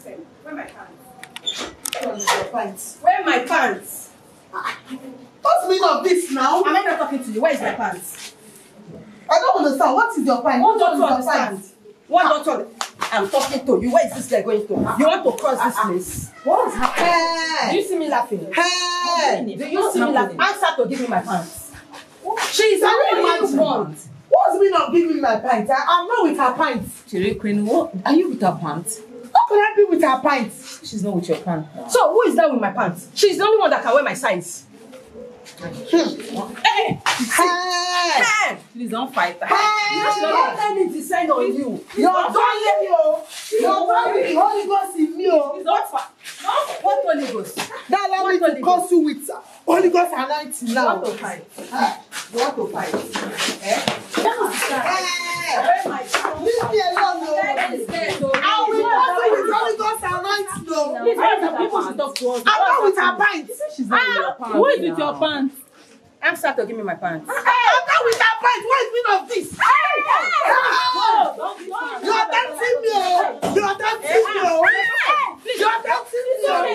this Where my pants? What your pants? Where my pants? What's ah, the meaning of this now? Am I not talking to you? Where is my pants? I don't understand. What is your pants? What, what don't you understand? Pants? What ah. don't you I'm talking to you. Where is this guy going to? Ah. You want to cross ah. this ah. place? What is happening? Hey. Do you see me laughing? Hey. Do you see me laughing? Answer to give me my pants. She is wearing my pants. What's the meaning of giving my pants? I am not with her pants. Queen, what? Are you with her pants? couldn't be with her pants. She's not with your pants. No. So who is that with my pants? She's the only one that can wear my size. Hey! Hey! Hey! Please don't fight her. Hey! don't let me decide on you. You're don't let me, oh. You're don't let me. Holy Ghost in me, oh. Please don't fight. what Holy Ghost? That allow me to curse you with Holy Ghost anointing now. You want to fight? You ah, want to fight? Eh? Please, why the people she talk to us? I'm not with her pants. she's not with her ah, pants. Who is with your pants? I'm sorry to give me my pants. Hey, I'm not with her pants. What is mean of this? Hey, hey, oh, you are dancing me. You are dancing me. You are dancing me.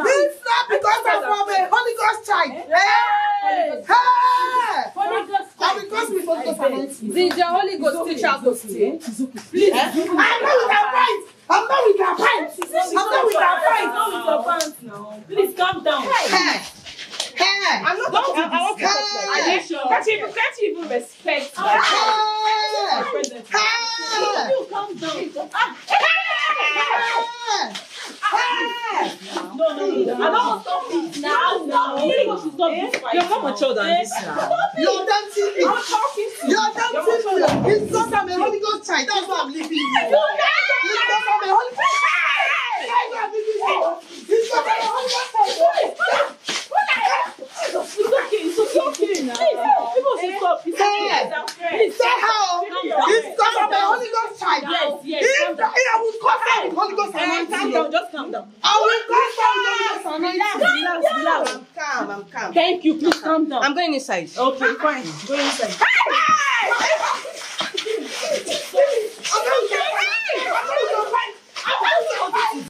This is not because I'm from a Holy Ghost child. Hey, hey. Holy Ghost is supposed to anoint you. Did your Holy Ghost teacher go to you? Please. I'm not with her pants. Hey! Hey! I'm not going to discuss like that. Can't you even, can't you even respect my hey! Hey! Hey! You calm down. Hey! Hey! No, no, no. I don't stop it now. Now, now. You want to stop this fight? You're more mature than this now. You're dancing it. I'm talking to you. You're dancing it. It's not that my Holy Ghost child. That's why I'm leaving you. down, just calm down. I will calm down. Relax, relax, relax. I'm calm, I'm calm. Thank you, please calm down. I'm going inside. Okay, fine. Go inside.